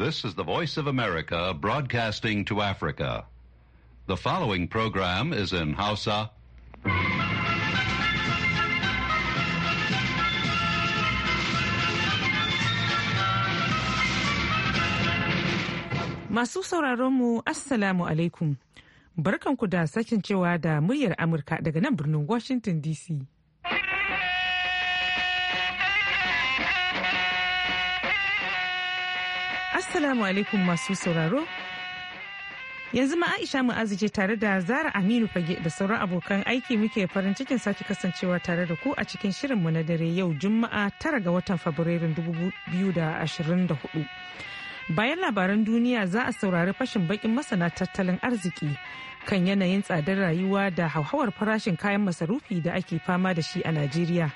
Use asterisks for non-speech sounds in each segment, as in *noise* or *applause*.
This is the Voice of America broadcasting to Africa. The following program is in Hausa. Masu sauraronmu, Assalamu alaikum. Barkanku da sakin cewa da muryar Amurka daga nan birnin Washington DC. Assalamu alaikum masu sauraro. Yanzu ma Aisha Mu'azu ce tare da Zara Aminu Fage da sauran abokan aiki muke farin cikin sake kasancewa tare da ku a cikin shirinmu na dare yau Juma'a tara ga watan Fabrairun 2024. Bayan labaran duniya za a saurari fashin bakin masana tattalin arziki kan yanayin tsadar rayuwa da hauhawar farashin kayan masarufi da ake fama da shi a Najeriya.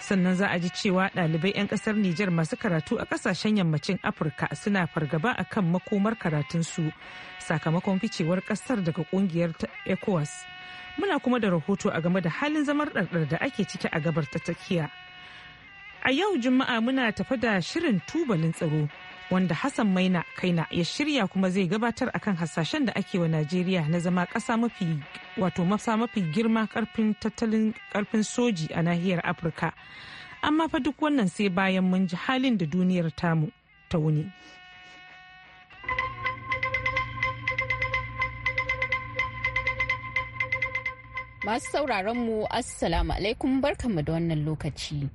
sannan za a ji cewa ɗalibai 'yan ƙasar Nijar masu karatu a ƙasashen yammacin Afirka suna fargaba a kan makomar karatunsu sakamakon ficewar ƙasar daga ƙungiyar ECOWAS. Muna kuma da rahoto a game da halin zamar ɗarɗar da ake ciki a gabar ta tsakiya. A yau Juma'a muna tafa da shirin tubalin tsaro wanda Hassan Maina Kaina ya shirya kuma zai gabatar a kan hasashen da ake wa Najeriya na zama ƙasa mafi wato masa mafi girma ƙarfin tattalin ƙarfin soji a nahiyar Afirka. Amma fa duk wannan sai bayan mun ji halin da duniyar tamu ta wuni. Masu sauraron mu Assalamu alaikum barkamu da wannan lokaci.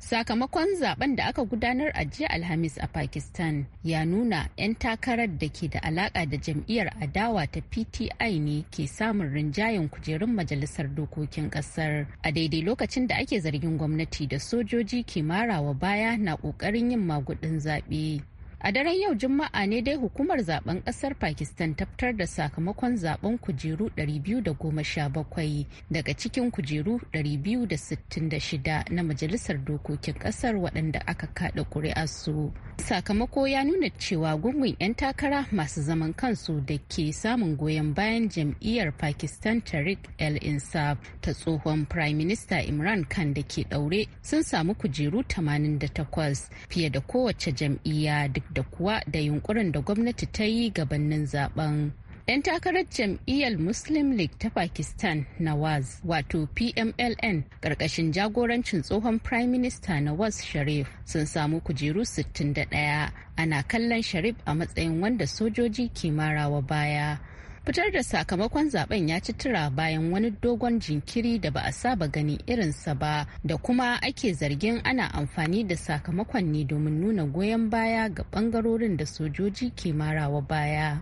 Sakamakon zaben da aka gudanar a jiya Alhamis a Pakistan ya nuna 'yan takarar da ke da alaƙa da jam'iyyar adawa ta PTI ne ke samun rinjayen kujerun majalisar dokokin ƙasar, a daidai lokacin da ake zargin gwamnati da sojoji ke marawa baya na ƙoƙarin yin magudin zaɓe. A daren yau Juma'a ne dai hukumar zaben kasar Pakistan ta da sakamakon zaben kujeru 217 daga cikin kujeru 266 na Majalisar Dokokin kasar waɗanda aka kada ƙuri'a su. Sakamako ya nuna cewa gungun 'yan takara masu zaman kansu da ke samun goyon bayan jam'iyyar Pakistan Tariq El Insaf ta tsohon Prime Minister Imran Khan da ke ɗaure sun samu kujeru 88 fiye da kowace jam'iyya duk da kuwa da yunkurin da gwamnati ta yi gabanin zaben. 'Yan takarar jam'iyyar Muslim League ta Pakistan Nawaz wato PMLN ƙarƙashin jagorancin tsohon Prime Minister Nawaz Sharif sun samu kujeru 61 ana kallon Sharif a matsayin wanda sojoji ke marawa baya. fitar da sakamakon zaben ya ci tura bayan wani dogon jinkiri da ba a saba gani irinsa ba da kuma ake zargin ana amfani da sakamakon ne domin nuna goyon baya ga bangarorin da sojoji ke marawa baya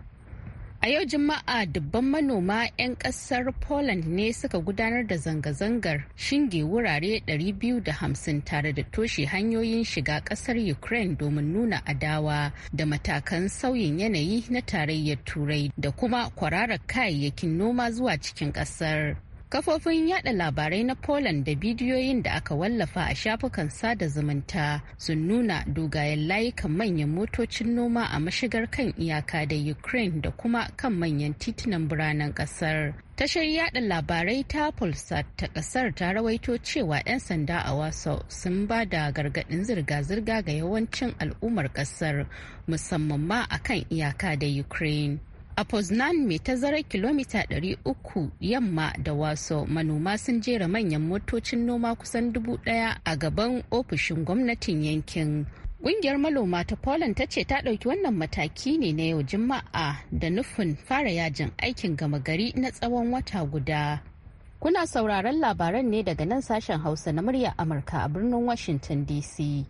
A yau Juma'a dubban manoma 'yan kasar Poland ne suka gudanar da zanga-zangar shinge wurare 250 tare da toshe hanyoyin shiga kasar Ukraine domin nuna adawa da matakan sauyin yanayi na tarayyar Turai da kuma kwararar kayayyakin noma zuwa cikin kasar. Kafofin yada labarai na Poland da bidiyoyin da aka wallafa a shafukan sada zumunta sun nuna dogayen layukan manyan motocin noma a mashigar kan iyaka da Ukraine da kuma kan manyan titunan biranen kasar. Tashar yada labarai ta Pulsar ta kasar ta rawaito cewa 'yan sanda a Waso sun ba da gargadin zirga-zirga ga yawancin al'ummar kasar musamman ma akan iyaka da Ukraine. a poznan mai tazarar kilomita 300 yamma da waso manoma sun jera manyan motocin noma kusan dubu daya a gaban ofishin gwamnatin yankin Ƙungiyar maloma ta Poland ta ce ta ɗauki wannan mataki ne na yau Juma'a da nufin fara yajin aikin gama gari na tsawon wata guda. Kuna sauraron labaran ne daga nan sashen Hausa na murya Amurka a birnin Washington DC.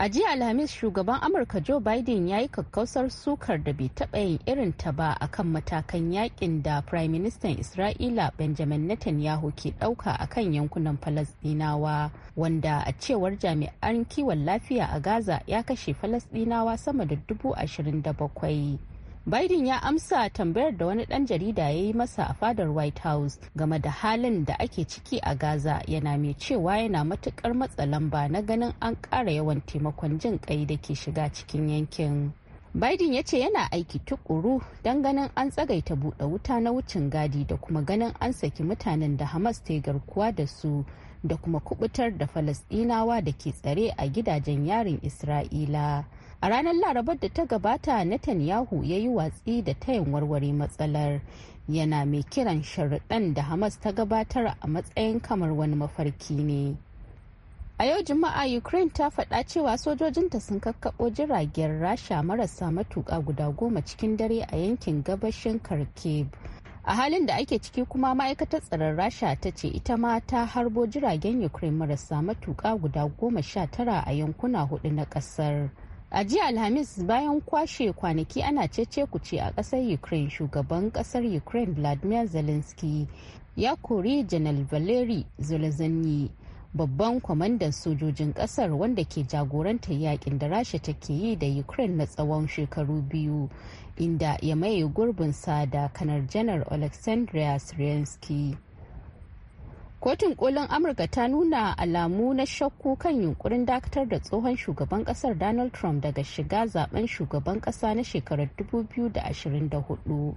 a jiya alhamis shugaban amurka joe biden ya yi kakkausar sukar da bai taɓa yin irin ta ba akan matakan yakin da prime minister isra'ila benjamin netanyahu ke ɗauka kan yankunan falasɗinawa wanda a cewar jami'an kiwon lafiya a gaza ya kashe falasɗinawa sama da dubu ashirin da bakwai Biden ya amsa tambayar da wani ɗan jarida ya yi masa a fadar White House game da halin da ake ciki a Gaza yana mai cewa yana matukar matsa lamba na ganin an ƙara yawan taimakon jin ƙai da ke shiga cikin yankin. Biden ya ce yana aiki tukuru don ganin an tsagaita buɗe wuta na wucin gadi da kuma ganin an saki mutanen da Hamas ta garkuwa da su da kuma kubutar da Falasɗinawa da ke tsare a gidajen yarin Isra'ila. a ranar larabar da ta gabata netanyahu ya yi watsi da tayin warware matsalar yana mai kiran sharaɗan da hamas ta gabatar a matsayin kamar wani mafarki ne a yau juma'a ukraine ta faɗa cewa sojojinta sun kakkaɓo jiragen rasha marasa matuƙa guda goma cikin dare a yankin gabashin kharkiv a halin da ake ciki kuma ma'aikatar tsaron rasha ta ce ita ma ta harbo jiragen ukraine marasa matuƙa guda goma sha tara a yankuna hudu na ƙasar A jiya Alhamis bayan kwashe kwanaki ana cece ce a ƙasar Ukraine shugaban ƙasar Ukraine Vladimir Zelensky ya kori Janar Valery Zelensky babban kwamandan sojojin ƙasar wanda ke jagorantar yakin da rasha take yi da Ukraine na tsawon shekaru biyu inda ya maye gurbin da kanar janar Alexandria Sirensky. kotun kolin amurka ta nuna alamu na shakku kan yunkurin dakatar da tsohon shugaban kasar donald trump daga shiga zaben shugaban kasa na shekarar 2024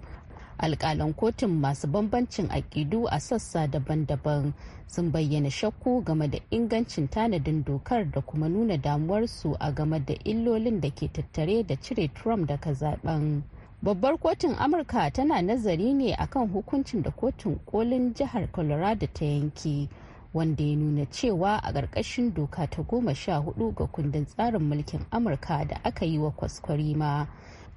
alkalan kotun masu bambancin aƙidu a sassa daban-daban sun bayyana shakku game da ingancin tanadin dokar da kuma nuna damuwarsu a game da illolin da ke tattare da cire trump daga zaben. babbar kotun amurka tana nazari ne akan hukuncin da kotun kolin jihar colorado ta yanke wanda ya nuna cewa a ƙarƙashin doka ta goma sha hudu ga kundin tsarin mulkin amurka da aka yi wa kwaskwari ma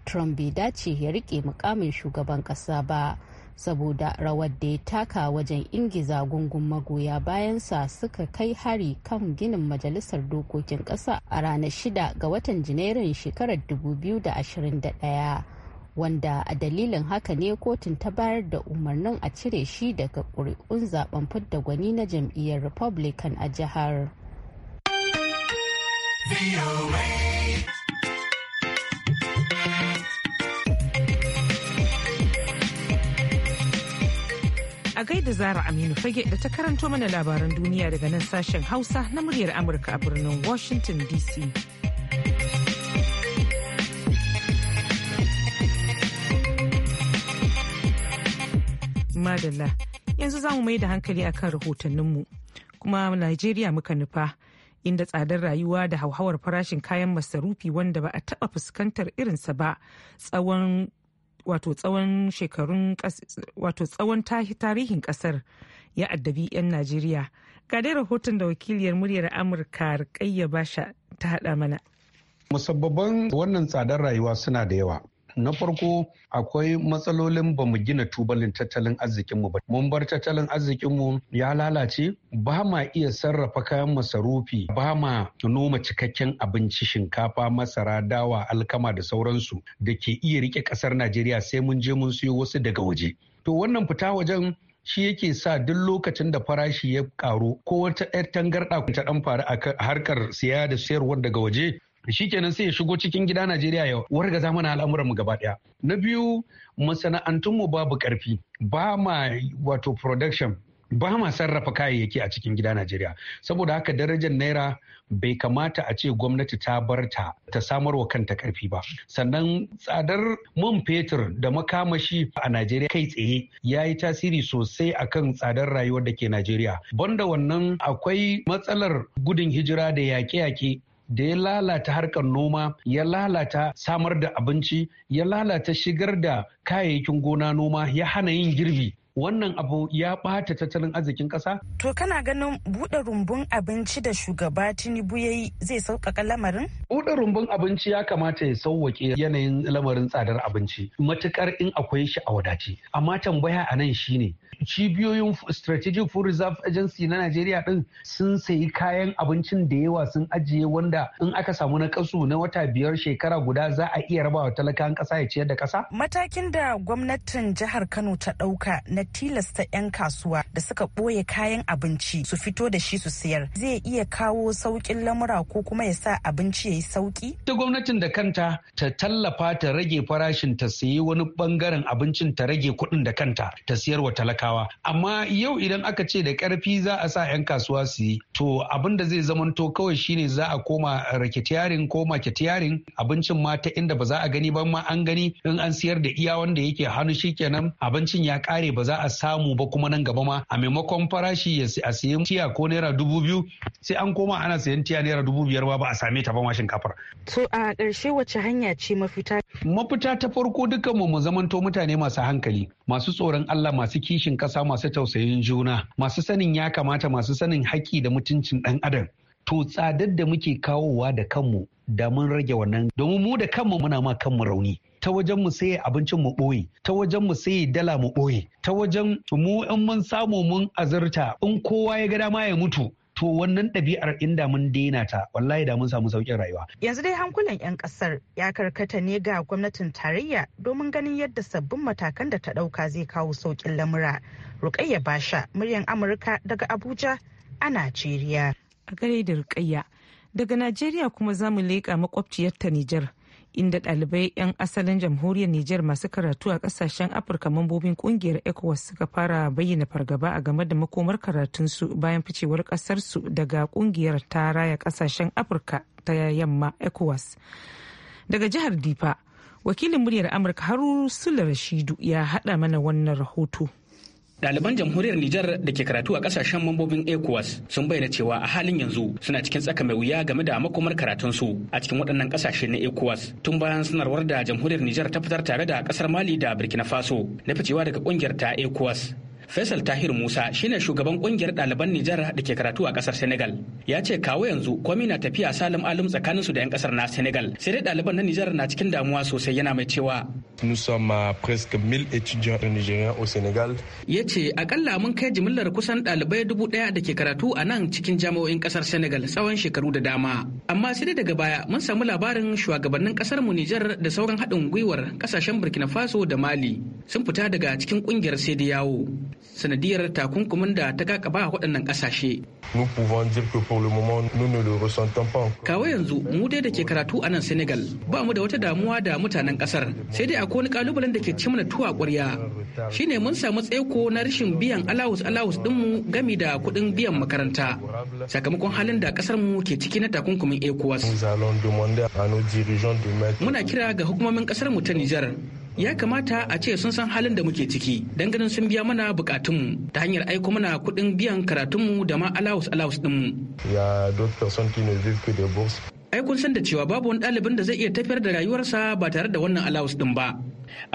trump bai dace ya rike mukamin shugaban ƙasa ba saboda rawar da ya taka wajen ingiza gungun magoya bayansa suka kai hari kan ginin majalisar dokokin ƙasa a ranar shida ga watan janairun shekarar 2021 wanda a dalilin haka ne kotun ta bayar da umarnin a cire shi daga ƙuri'un zaben fidda gwani na jam'iyyar republican a jihar a gaida zara aminu fage da ta karanto mana labaran duniya daga nan sashen hausa na muryar amurka a birnin washington dc madalla yanzu za mu mai da hankali akan rahotanninmu kuma najeriya muka nufa inda tsadar rayuwa da hauhawar farashin kayan masarufi wanda ba a taɓa fuskantar irinsa ba tsawon wato tsawon shekarun wato tsawon tarihin kasar ya addabi 'yan najeriya ga dai rahoton da wakiliyar muryar amurka rikayya basha ta hada mana musabbaban wannan tsadar rayuwa suna da yawa na farko akwai matsalolin ba mu gina tubalin tattalin arzikinmu ba mun bar tattalin arzikinmu ya lalace ba ma iya sarrafa kayan masarufi ba ma noma cikakken abinci shinkafa masara dawa alkama da sauransu da ke iya rike kasar najeriya sai mun je mun siyo wasu daga waje to wannan fita wajen shi yake sa duk lokacin da farashi ya karu ko wata 'yar tangarɗa ta dan faru a harkar siya da sayarwar daga waje shikenan sai ya shigo cikin gida Najeriya yau. Warga zamana al'amuran mu gaba daya na biyu masana'antun mu babu karfi ba ma wato production ba ma sarrafa kayayyaki a cikin gida Najeriya saboda haka darajar naira bai kamata a ce gwamnati ta bar ta ta samar wa kanta karfi ba sannan tsadar man fetur da makamashi a Najeriya kai tsaye ya yi tasiri sosai akan tsadar rayuwar da ke Najeriya banda wannan akwai matsalar gudun hijira da yake yaƙe da ya lalata harkar noma ya lalata samar da abinci ya lalata shigar da kayayyakin gona noma ya hana yin girbi wannan abu ya ɓata tattalin arzikin ƙasa. To kana ganin buɗe rumbun abinci da shugaba Tinubu ya yi zai sauƙaƙa lamarin? Buɗe rumbun abinci ya kamata ya sauwaƙe yanayin lamarin tsadar abinci matuƙar in akwai shi a wadace. Amma tambaya a nan ne. cibiyoyin Strategic Food Reserve Agency na Najeriya ɗin sun sayi kayan abincin da yawa sun ajiye wanda in aka samu na kasu na wata biyar shekara guda za a iya rabawa talakan ƙasa ya ciyar da ƙasa? Matakin da gwamnatin jihar Kano ta ɗauka kuma tilasta 'yan kasuwa da suka ɓoye kayan abinci su fito da shi su siyar zai iya kawo sauƙin lamura ko kuma ya sa abinci ya yi sauƙi? Ta gwamnatin da kanta ta tallafa ta rage farashin ta sayi wani bangaren abincin ta rage kuɗin da kanta ta siyarwa wa talakawa. Amma yau idan aka ce da karfi za a sa 'yan kasuwa su yi to abin da zai zamanto kawai shine za a koma raketiyarin ko maketiyarin abincin ma ta inda ba za a gani ba ma an gani in an siyar da iya wanda yake hannu shikenan abincin ya ƙare ba za za a samu ba kuma nan gaba ma a maimakon farashi a siyan tiya ko naira dubu biyu sai an koma ana sayan tiya naira dubu biyar ba a same ta ba ma shinkafar. To a ƙarshe wace hanya ce mafita? Mafita ta farko dukkan mu mu zamanto mutane masu hankali masu tsoron Allah masu kishin ƙasa masu tausayin juna masu sanin ya kamata masu sanin haƙƙi da mutuncin ɗan adam. to tsadar da muke kawowa da kanmu da mun rage wannan domin mu da kanmu muna ma kanmu rauni ta wajen mu sai abincin mu boye ta wajen mu sai dala mu boye ta wajen mu in mun samu mun azurta in kowa ya ga dama ya mutu to wannan ɗabi'ar inda mun daina ta wallahi da mun samu sauƙin rayuwa. Yanzu dai hankulan 'yan ƙasar ya karkata ne ga gwamnatin tarayya domin ganin yadda sabbin matakan da ta ɗauka zai kawo sauƙin lamura. Rukayya Basha, muryar Amurka daga Abuja a Najeriya. a gare da rukayya daga najeriya kuma za mu leƙa ta nijar inda ɗalibai 'yan asalin jamhuriyar nijar masu karatu a ƙasashen afirka mambobin ƙungiyar ecowas suka fara bayyana fargaba a game da makomar karatunsu bayan ficewar ƙasarsu daga ƙungiyar ta raya ƙasashen afirka ta yamma ecowas daga jihar difa wakilin muryar amurka haruru sula rashidu ya haɗa mana wannan rahoto. daliban jamhuriyar Nijar da ke karatu a ƙasashen mambobin ECOWAS sun bayyana cewa a halin yanzu suna cikin tsaka mai wuya game da makomar karatunsu a cikin waɗannan ƙasashe na ECOWAS tun bayan sanarwar da jamhuriyar Nijar ta fitar tare da ƙasar Mali da Burkina Faso na ficewa daga ƙungiyar ta ECOWAS. Faisal Tahir Musa shine shugaban kungiyar ɗaliban Nijar da ke karatu a ƙasar Senegal. Ya ce kawo yanzu komi na tafiya salim alum tsakaninsu da 'yan ƙasar na Senegal. Sai dai ɗaliban na Nijar na cikin damuwa sosai yana mai cewa. Nous sommes presque mille étudiants Nigeria au Sénégal. Ya ce akalla mun kai jimillar kusan ɗalibai dubu ɗaya da ke karatu a nan cikin jami'o'in ƙasar Senegal tsawon shekaru da dama. Amma sai dai daga baya mun samu labarin shugabannin ƙasar mu Nijar da sauran haɗin gwiwar ƙasashen Burkina Faso da Mali sun fita daga cikin ƙungiyar sai yawo. sanadiyar takunkumin da ta kakaba a waɗannan ƙasashe. Kawo yanzu mu dai da ke karatu a nan Senegal ba mu da wata damuwa da mutanen ƙasar sai dai akwai wani kalubalen da ke ci mana tuwa ƙwarya. Shine mun samu tseko na rashin biyan alawus alawus ɗinmu gami da kuɗin biyan makaranta. Sakamakon halin da ƙasar mu ke ciki na takunkumin ECOWAS. Muna kira ga hukumomin ƙasar mu ta Nijar ya kamata a ce sun san halin da muke ciki dan ganin sun biya mana bukatunmu ta hanyar aiko mana kuɗin biyan karatunmu da ma alawus alawus dinmu. ya ai kun san da cewa babu wani ɗalibin da zai iya tafiyar da rayuwarsa ba tare da wannan alawus din ba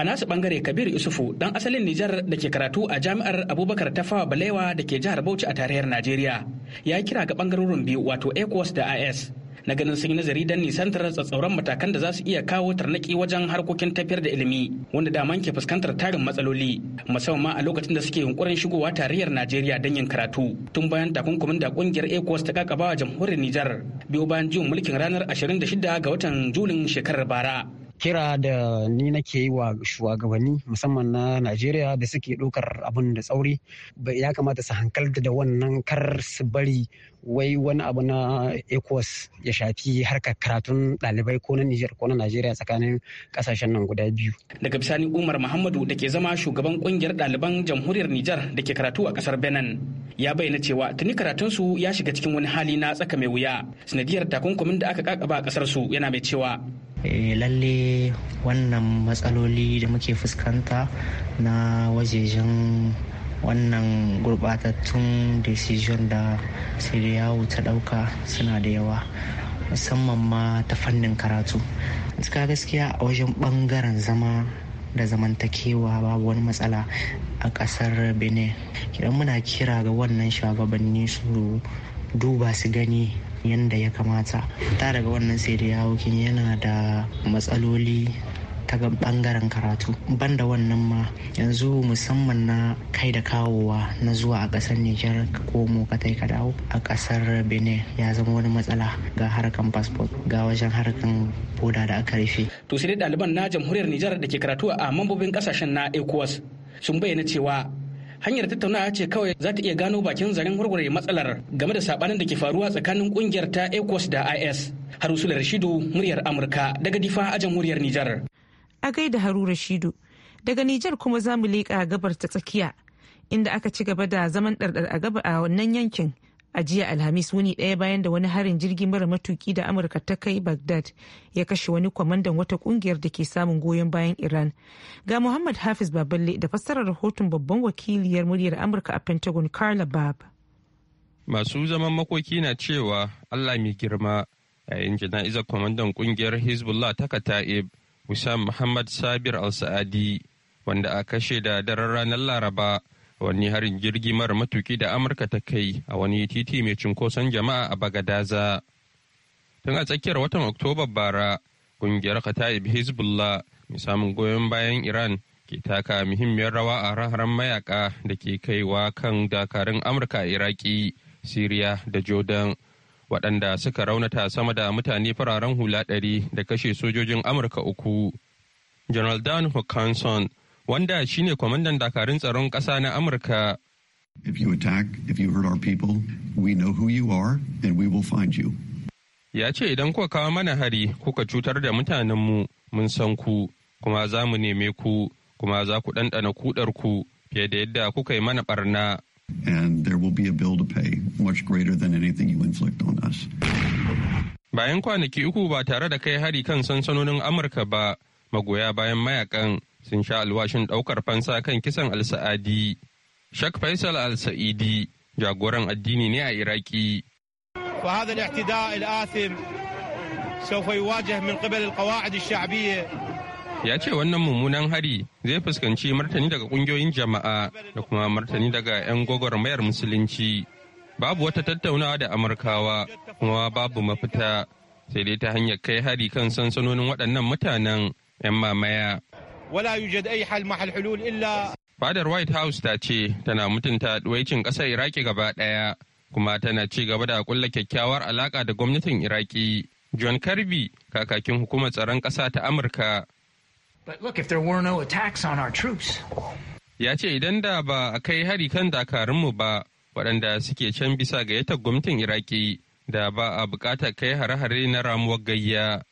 a nasu bangare kabir isufu dan asalin nijar da ke karatu a jami'ar abubakar tafawa balewa da ke jihar bauchi a tarayyar najeriya ya kira ga bangarorin biyu wato ecos da is na ganin sun yi nazari don nisantar tsatsauran matakan da za su iya kawo tarnaki wajen harkokin tafiyar da ilimi wanda daman ke fuskantar tarin matsaloli musamman a lokacin da suke yunkurin shigowa tarayyar najeriya don yin karatu tun bayan takunkumin da kungiyar ecos ta kakabawa jamhuriyar nijar biyo bayan jiwon mulkin ranar 26 ga watan julin shekarar bara kira da ni nake yi wa shugabanni musamman na najeriya da suke ɗaukar abin da tsauri ya kamata su hankalta da wannan kar su bari wai wani abu na ecowas ya shafi harkar karatun ɗalibai ko na niger ko na najeriya tsakanin ƙasashen nan guda biyu daga bisani umar muhammadu da ke zama shugaban ƙungiyar ɗaliban jamhuriyar niger da ke karatu a ƙasar benin ya bayyana cewa tuni karatun su ya shiga cikin wani hali na tsaka mai wuya sanadiyar takunkumin da aka kakaba a ƙasar su yana mai cewa Eh, lalle wannan matsaloli da muke fuskanta na wajejen wannan gurbatattun decision da yawo ta dauka suna da yawa musamman ma ta fannin karatu cika gaskiya a wajen bangaren zama da zamantakewa babu wani matsala a kasar benin idan muna kira ga wannan shugabanni su duba su gani yadda ya kamata ta daga wannan sai da yana da matsaloli ta bangaren karatu banda wannan ma yanzu musamman na kai da kawowa na zuwa a kasar nijar ko mu ka tai ka dawo a kasar benin ya zama wani matsala ga harkan passport ga wajen harkan boda da aka rufe to sai dai ɗaliban na jamhuriyar nijar da ke karatu a mambobin kasashen na ecowas sun bayyana cewa hanyar tattaunawa ce kawai za ta iya gano bakin zaren warware matsalar game da sabanin da ke faruwa tsakanin kungiyar ta ecos da is da rashidu muryar amurka daga difa a jamhuriyar nijar a gaida haru rashidu daga nijar kuma za mu leƙa gabar ta tsakiya inda aka ci gaba da zaman ɗarɗar a wannan yankin a jiya alhamis wuni daya bayan da wani harin jirgi mara matuki da amurka ta kai bagdad ya kashe wani kwamandan wata kungiyar da ke samun goyon bayan iran ga muhammad hafiz baballe da fassarar rahoton babban wakiliyar muryar amurka a pentagon carla bab masu zaman makoki na cewa allah mai girma yayin jana'izar kwamandan kungiyar hezbollah ta kata'ib wusam muhammad sabir al-sa'adi wanda a kashe da daren ranar laraba wani harin jirgi mara matuki da amurka ta kai a wani titi mai cunkoson jama'a a bagadaza tun a tsakiyar watan oktoba bara kungiyar khata'ib hezbollah mai samun goyon bayan iran ke taka muhimmiyar rawa a raharan mayaka da ke kaiwa kan dakarun amurka a iraki siriya da jordan waɗanda suka raunata sama da mutane fararen hula ɗari da kashe sojojin amurka uku general dan hawkinson wanda shine kwamandan dakarun tsaron ƙasa na Amurka. If you attack, if you hurt our people, we know who you are and we will find you. Ya ce idan kuka kawo mana hari kuka cutar da mutanenmu mun san ku kuma za mu neme ku kuma za ku ɗanɗana kudar ku fiye da yadda kuka yi mana barna. And there will be a bill to pay much greater than anything you inflict on us. Bayan kwanaki uku ba tare da kai hari kan sansanonin Amurka ba, magoya bayan mayakan sun sha alwashin ɗaukar fansa kan kisan al-sa'adi shak faisal al-sa'idi jagoran addini ne a iraki فهذا الاعتداء الآثم سوف يواجه من قبل القواعد الشعبية ya ce wannan mummunan hari zai fuskanci martani daga kungiyoyin jama'a da kuma martani daga 'yan mayar musulunci babu wata tattaunawa da amurkawa kuma babu mafita sai dai ta hanyar kai hari kan sansanonin waɗannan mutanen 'yan mamaya. Wala yujad ai hal mahal hulul illa. Fadar White House ta ce tana mutunta ɗuwaicin ƙasar Iraki gaba ɗaya kuma tana ci gaba da kulla kyakkyawar alaƙa da gwamnatin Iraki. John Kirby, kakakin hukumar tsaron ƙasa ta Amurka. no on Ya ce idan da ba a kai hari kan dakarunmu ba waɗanda suke can bisa gayyatar gwamnatin Iraki da ba a buƙatar kai hare-hare na ramuwar gayya.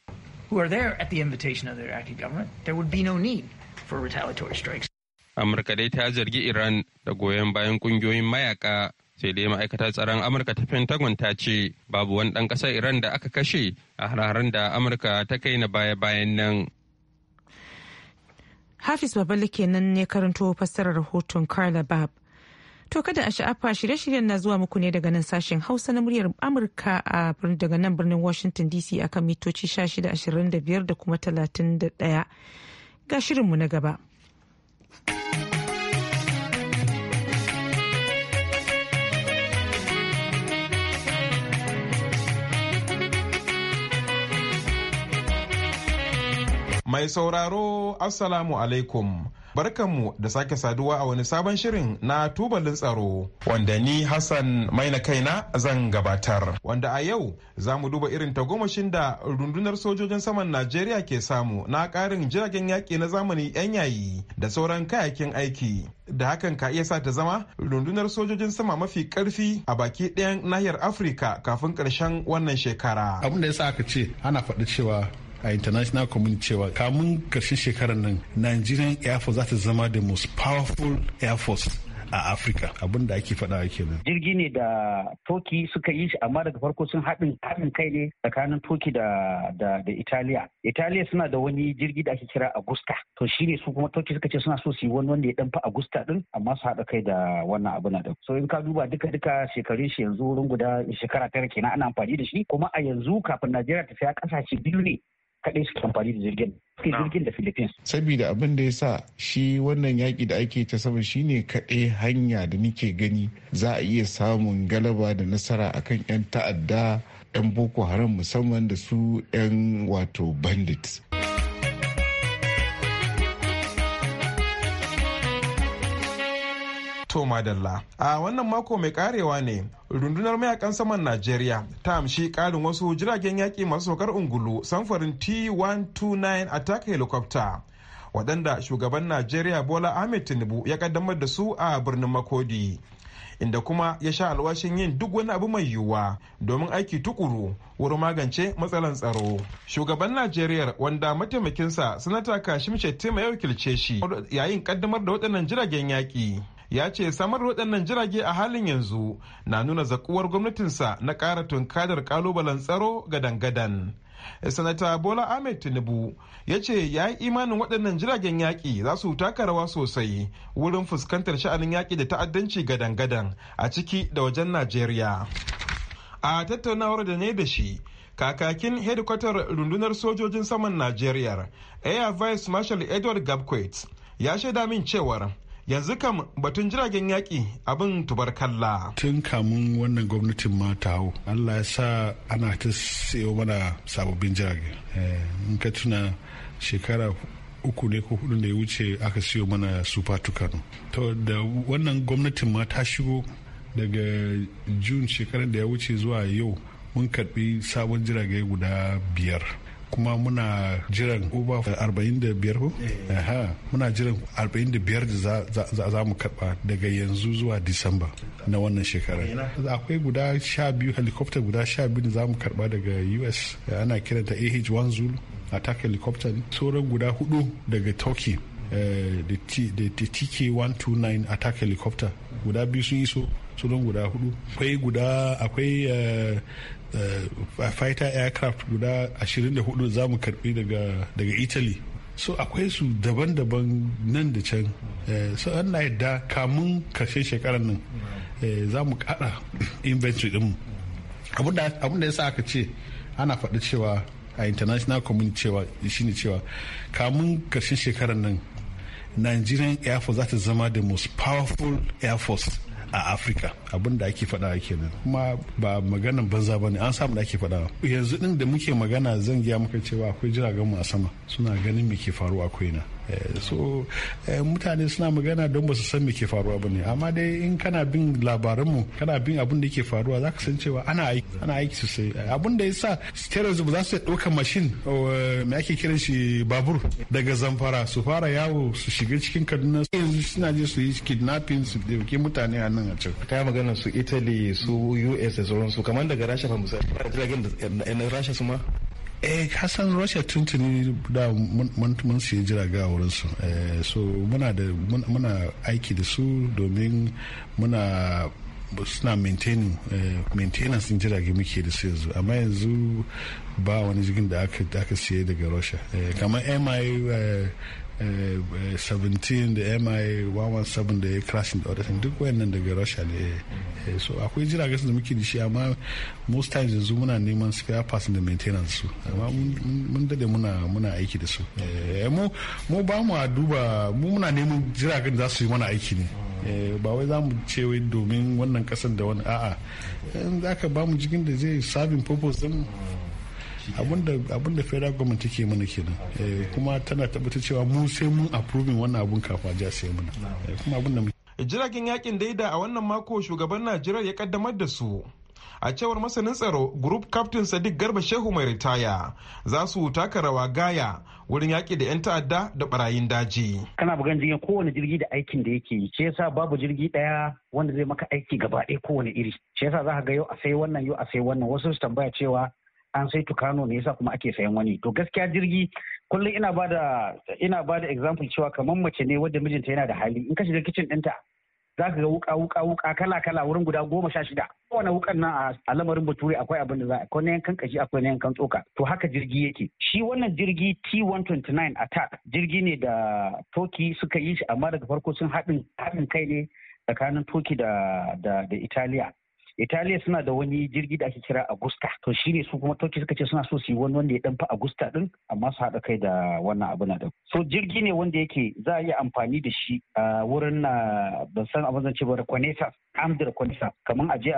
who are there at the invitation of the Iraqi government, there would be no need for retaliatory strikes. Amurka dai ta zargi Iran da goyon bayan kungiyoyin mayaka sai dai ma'aikatar tsaron Amurka ta Pentagon ta ce babu wani ɗan ƙasar Iran da aka kashe a hararen da Amurka ta kai na baya-bayan nan. Hafiz Babalike nan ne karanto fassarar rahoton Karla Bab. To kada a sha'afa shirye-shiryen na zuwa muku ne daga nan sashen Hausa na muryar Amurka a daga nan birnin Washington DC akan mitoci 25 da kuma 31 ga shirinmu na gaba. Mai sauraro Assalamu alaikum. Barkanmu da sake saduwa a wani sabon shirin na tubalin tsaro wanda ni Hassan maina kaina zan gabatar. Wanda a yau za mu duba irin tagomashin da rundunar sojojin saman Najeriya ke samu na karin jiragen yaƙi na zamani 'yan yayi da sauran kayakin aiki. Da hakan ka iya sa ta zama rundunar sojojin sama mafi karfi a baki ɗayan nahiyar Afirka kafin ƙarshen wannan shekara. Abin da ya sa aka ce ana faɗi cewa a international community cewa kamun karshen shekarar nan nigerian air force za ta zama the most powerful air force a Afirka abin da ake faɗa kenan. Jirgi ne da Toki suka yi shi amma daga farko sun haɗin haɗin kai ne tsakanin Toki da da Italiya. Italiya suna da wani jirgi da ake kira Agusta. To shi su kuma Toki suka ce suna so su yi wani wanda ya dan fa Agusta din amma su haɗa kai da wannan abu na da. So in ka duba duka duka shekarun shi yanzu wurin guda shekara tara kenan ana amfani da shi kuma a yanzu kafin Najeriya ta fiya ƙasashe biyu ne kaɗai suke amfani da jirgin suke jirgin da philippines saboda abin da ya sa shi wannan yaƙi da ake ta sama ne kaɗai hanya da nike gani za a iya samun galaba da nasara akan 'yan ta'adda 'yan boko haram musamman da su 'yan wato bandits To madalla. A wannan mako mai karewa ne rundunar mayakan saman Najeriya ta amshi karin wasu jiragen yaƙi masu saukar ungulu samfarin T129 attack helicopter. waɗanda shugaban Najeriya Bola Ahmed Tinubu ya kaddamar da su a birnin Makodi. Inda kuma ya sha alwashin yin duk wani abu mai yiwuwa domin aiki tukuru wurin magance matsalan tsaro. Shugaban Najeriya wanda mataimakinsa sanata Kashim shetima ya wakilce shi yayin kaddamar da waɗannan jiragen yaƙi. ya ce samar waɗannan jirage a halin yanzu na nuna zakuwar gwamnatinsa na ƙara tunkadar ƙalubalen tsaro gadan-gadan. sanata bola ahmed tinubu ya ce ya yi imanin waɗannan jiragen yaƙi za su taka rawa sosai wurin fuskantar sha'anin yaƙi da ta'addanci gadan-gadan a ciki da wajen najeriya a tattaunawar da ne da shi kakakin hedikwatar rundunar sojojin saman najeriya air vice marshal edward gabquet ya shaida min cewar yanzu kam batun jiragen yaƙi abin tubarkalla. tun kamun wannan gwamnatin ma ta hau allah ya sa ana ta sayo mana sababbin jirage eh, in ka tuna shekara uku ne ko hudu da ya wuce aka siyo mana super tukano to da wannan gwamnatin ma ta shigo daga june shekarar da ya wuce zuwa yau mun karbi sabon jirage guda biyar kuma muna jiran uba 45 ko? Eh. muna jiran 45 da za mu karba daga yanzu zuwa disamba na wannan shekarar akwai guda sha biyu helicopter guda sha biyu da za mu karba daga us ana kiranta ah1 zulu attack helicopter sauran guda hudu daga turkey eh, da tk129 attack helicopter guda biyu sun iso sunan guda hudu akwai guda akwai eh, Eh, fighter aircraft guda 24 za mu karbi daga italy so akwai su daban-daban nan da can eh, so an na yadda kamun karshen shekarar nan eh, za mu kada *clears throat* inventory din abinda ya sa aka ce ana faɗi cewa a international community cewa shine cewa kamun karshen shekarar nan nigerian air force za ta zama the most powerful air force a afirka abin da ake faɗa ake nan kuma ba maganan banza ba ne an samu da ake faɗa yanzu ɗin da muke magana zan gaya maka cewa akwai jiragen mu a sama suna ganin me ke faru akwai na Eh, so eh, mutane suna magana don ba su san me ke faruwa ba ne amma dai in kana bin labaranmu kana bin abin da ke faruwa za ka san cewa ana aiki ana aiki sosai eh, abin da ya sa terrorism ba za su ɗauka mashin me ake kiran shi babur daga zamfara su fara yawo su shiga cikin kaduna yanzu suna je su yi kidnapping su dauke mutane a nan a can ta magana su italy su us da sauransu kamar daga rasha ba misali jiragen da rasha su ma eh kasan russia tuntuni da mun siya jiraga a wurinsu eh, so muna da muna aiki da su domin muna suna maintaining eh, maintenance jirage muke da su yanzu amma yanzu ba wani jirgin da aka siye daga russia eh, kamar mi 17 da mi 117 da ya crash da wadatan duk wayannan daga russia ne eh, so akwai jiragen da muke da shi amma most times yanzu muna neman spare parts da maintenance su amma mun dade muna muna aiki da su eh, eh, mu mu ba mu a duba mu muna neman jiragen za su yi mana aiki ne ba wai za mu ce wai domin wannan kasar da wani a'a in za ka ba mu jikin da zai serving purpose din abin da federal government take mana kenan eh, kuma tana tabbatar cewa mu sai mun approving wannan abun kafa ja sai muna eh, kuma abin da jiragen yakin daida a wannan mako shugaban najeriya ya kaddamar da su a cewar masanin tsaro group captain sadiq garba shehu mai ritaya za su taka rawa gaya wurin yaƙi da 'yan ta'adda da barayin daji kana bugan jirgin kowane jirgi da aikin da yake yi yasa babu jirgi daya wanda zai maka aiki gaba ɗaya kowane iri shi yasa za ka ga yau a sai wannan yau a sai wannan wasu su tambaya cewa an sai tukano ne yasa kuma ake sayan wani to gaskiya jirgi kullum ina bada ina bada example cewa kamar mace ne wadda mijinta yana da hali in ka shiga kicin ɗinta za ka ga wuka wuka wuka kala kala wurin guda goma sha shida kowane wukan nan a lamarin bature akwai abin da za a akwai na yankan kashi akwai na yankan tsoka to haka jirgi yake shi wannan jirgi T129 attack jirgi ne da toki suka yi shi amma daga farko sun haɗin kai ne tsakanin Turkey da da Italiya Italiya suna da wani jirgi da ake kira Agusta. To shi ne su kuma Turkey suka ce suna so su yi wani wanda ya danfa Agusta din amma su haɗa kai da wannan abu na da. So jirgi ne wanda yake za a yi amfani da shi a wurin na ban san abin zan ce ba reconnaissance, armed reconnaissance kamar a je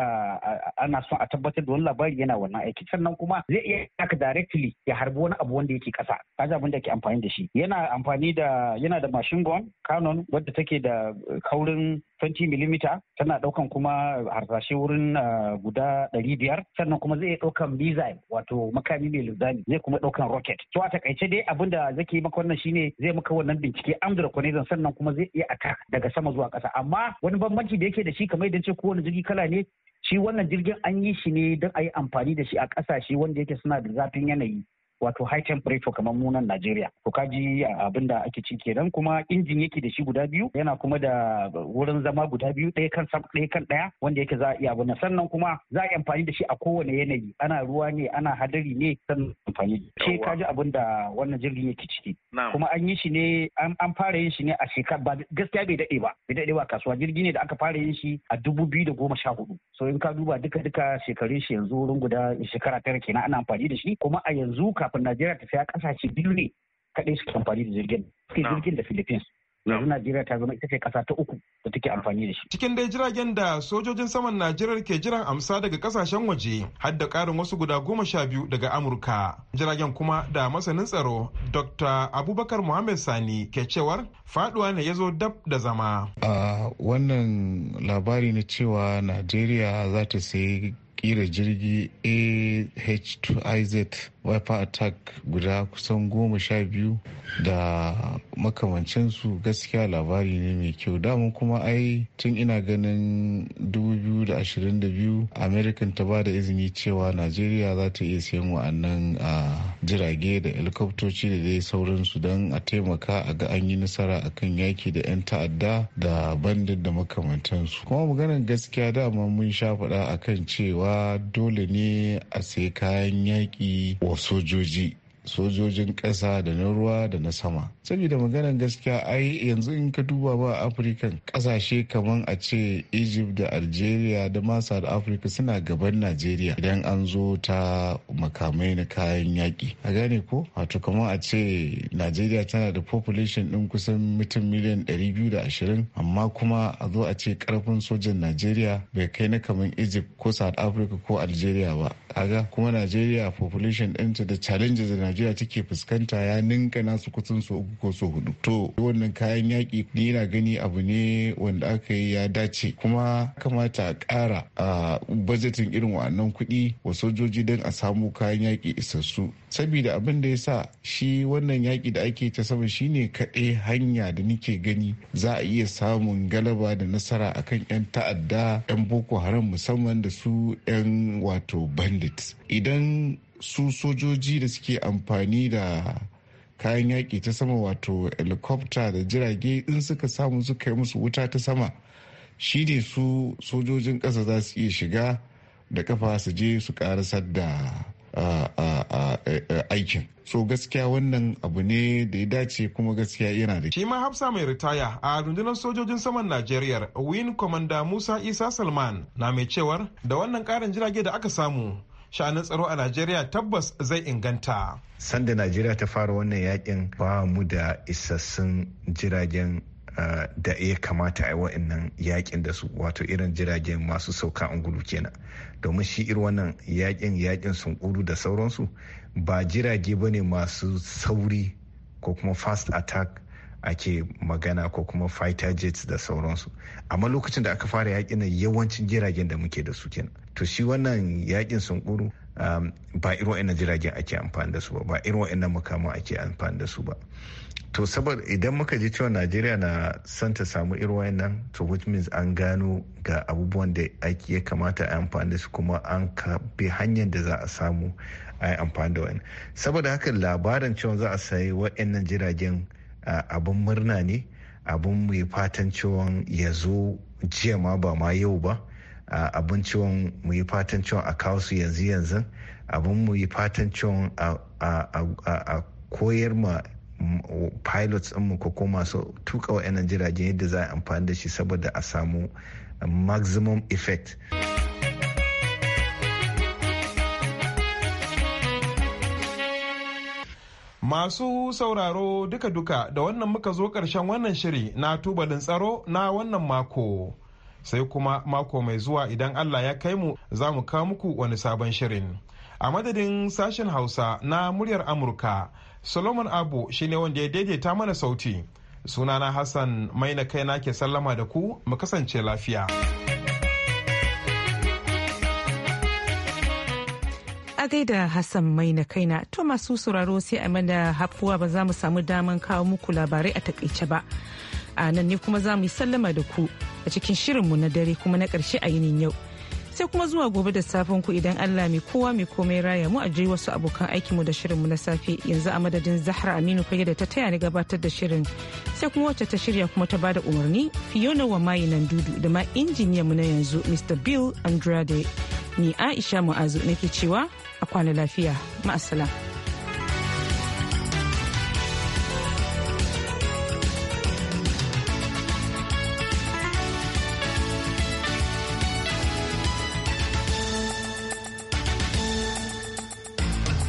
ana son a tabbatar da wani labari yana wannan aiki. Sannan kuma zai iya haka directly ya harbi wani abu wanda yake ƙasa. Kaji abin da ake amfani da shi. Yana amfani da yana da machine gun Canon wadda take da kaurin 20 mm tana daukan kuma harsashe wurin ah, guda 500 sannan kuma zai daukan bizai wato makami mai linzami zai kuma daukan rocket to a takaice dai abinda da zake yi maka wannan shine zai maka wannan bincike amdar reconnaissance sannan kuma zai iya attack daga sama zuwa kasa amma wani bambanci da yake da shi kamar idan ce kowane jirgi kala ne shi wannan jirgin an yi shi ne don a yi amfani da shi a kasashe wanda yake suna da zafin yanayi wato high temperature kamar munan Najeriya. To kaji abin da ake ci kenan kuma injin yake da shi guda biyu yana kuma da wurin zama guda biyu ɗaya kan sam ɗaya kan ɗaya wanda yake za a iya abin sannan kuma za a yi amfani da shi a kowane yanayi ana ruwa ne ana hadari ne sannan amfani. Ke kaji abin da wannan jirgin yake ciki. Kuma an yi shi ne an fara yin shi ne a shekar ba gaskiya bai daɗe ba bai daɗe ba kasuwa jirgi ne da aka fara yin shi a dubu biyu da goma sha hudu. So in ka duba duka duka shekarun shi yanzu wurin guda shekara tara kenan ana amfani da shi kuma a yanzu ka kafin najeriya ta fiya kasashe biyu ne kaɗai suke amfani da jirgin suke jirgin da philippines yanzu najeriya ta zama ita ce kasa ta uku da take amfani da shi cikin dai jiragen da sojojin saman najeriya ke jiran amsa daga kasashen waje har da karin wasu guda goma sha biyu daga amurka jiragen kuma da masanin tsaro dr abubakar muhammad sani ke cewar faduwa ne ya zo dab da zama a wannan labari na cewa najeriya za ta sayi kira jirgi AH2IZ wiper attack guda kusan goma sha biyu da makamancinsu gaskiya labari ne mai kyau damun kuma ai tun ina ganin 2022 american ta ba da izini cewa nigeria za ta iya siyan wa'annan a ah, jirage da helikoptoci da dai sauransu don a taimaka a ga an yi nasara akan yaki da 'yan ta'adda da bandin da makamantansu kuma maganar gaskiya dama mun sha faɗa akan cewa dole ne a sai kayan yaki wa sojoji sojojin ƙasa da na ruwa da na sama saboda maganar gaskiya ai yanzu in ka duba ba Afirikan. ƙasashe kamar a ce egypt da algeria da masa da afirka suna gaban Nigeria. idan an zo ta makamai na kayan yaƙi a gane ko wato kamar a ce Nigeria tana da population ɗin kusan mutum miliyan 220 amma kuma a zo a ce ƙarfin sojan Nigeria bai kai na kamar egypt ko south africa ko algeria ba kaga kuma najeriya population ɗinta da challenges da najeriya take fuskanta ya ninka nasu kusan so uku ko so hudu to wannan kayan yaƙi ni na gani abu ne wanda aka yi ya dace kuma kamata a ƙara a budgetin irin wa'annan kuɗi wa sojoji don a samu kayan yaƙi isassu saboda abin da ya sa shi wannan yaƙi da ake ta sama shi ne kaɗai hanya da nike gani za a iya samun galaba da nasara akan 'yan ta'adda 'yan boko haram musamman da su 'yan wato bandit States idan su sojoji da suke amfani da kayan yaƙi ta sama wato helicopter da jirage in suka samu suka yi musu wuta ta sama shi ne su sojojin ƙasa za su iya shiga da kafa su je su karasar da aikin so gaskiya wannan abu ne da ya dace kuma gaskiya yana da shi ma hafsa mai ritaya a rundunar sojojin saman najeriya win commander musa isa salman na mai cewar da wannan karin jirage da aka samu Shanun tsaro a Najeriya tabbas zai inganta. Sanda Najeriya ta fara wannan yakin ba mu da isassun jiragen ah, da ya kamata a yi wa'annan yakin da su wato irin jiragen masu sauka angulu kenan domin shi irin wannan yakin yakin sunkuru da sauransu ba jirage ba ne masu sauri ko kuma fast attack ake magana ko kuma fighter jets da sauransu amma lokacin da aka fara yakin nan yawancin jiragen da muke da su kenan to shi wannan yakin sunkuru um, ba irin wa'annan jiragen ake amfani da su ba ba irin wa'annan makamu ake amfani da su ba to saboda idan muka ji cewa najeriya na son ta samu irin nan to which means an gano ga abubuwan da ake ya kamata a amfani da su kuma an bi hanyar da za a samu a yi amfani da wani saboda haka labarin cewa za a sayi waɗannan jiragen abin murna ne abin mai fatan ciwon ya zo jiya ma ba ma yau ba abin ciwon mu fatan ciwon a kawo su yanzu yanzu abin mu yi fatan ciwon a koyar ma pilots mu ko ko masu tuka wa'annan jiragen yadda za a amfani da shi saboda a samu maximum effect. Masu sauraro duka-duka da wannan muka zo ƙarshen wannan shiri na tubalin tsaro na wannan mako. Sai kuma mako mai zuwa idan Allah ya kai mu za mu kawo muku wani sabon shirin. A madadin sashen Hausa na muryar Amurka, Solomon Abu shine wanda ya daidaita mana sauti. Sunana Hassan mai na kaina ke sallama da ku mu kasance lafiya. a gaida Hassan mai na kaina to masu sauraro sai a mana hafuwa ba za mu samu daman kawo muku labarai a takaice ba. A nan ne kuma za mu yi sallama da ku a cikin shirin mu na dare kuma na ƙarshe a yinin yau. Sai kuma zuwa gobe da safen ku idan Allah mai kowa mai komai raya mu a je wasu abokan aikinmu da mu na safe yanzu a madadin Zahra Aminu fage da ta taya ni gabatar da shirin. Sai kuma wacce ta shirya kuma ta bada umarni Fiona wa dudu da ma mu na yanzu Mr. Bill Andrade. ni aisha mu'azu nake cewa a kwana lafiya ma'asala.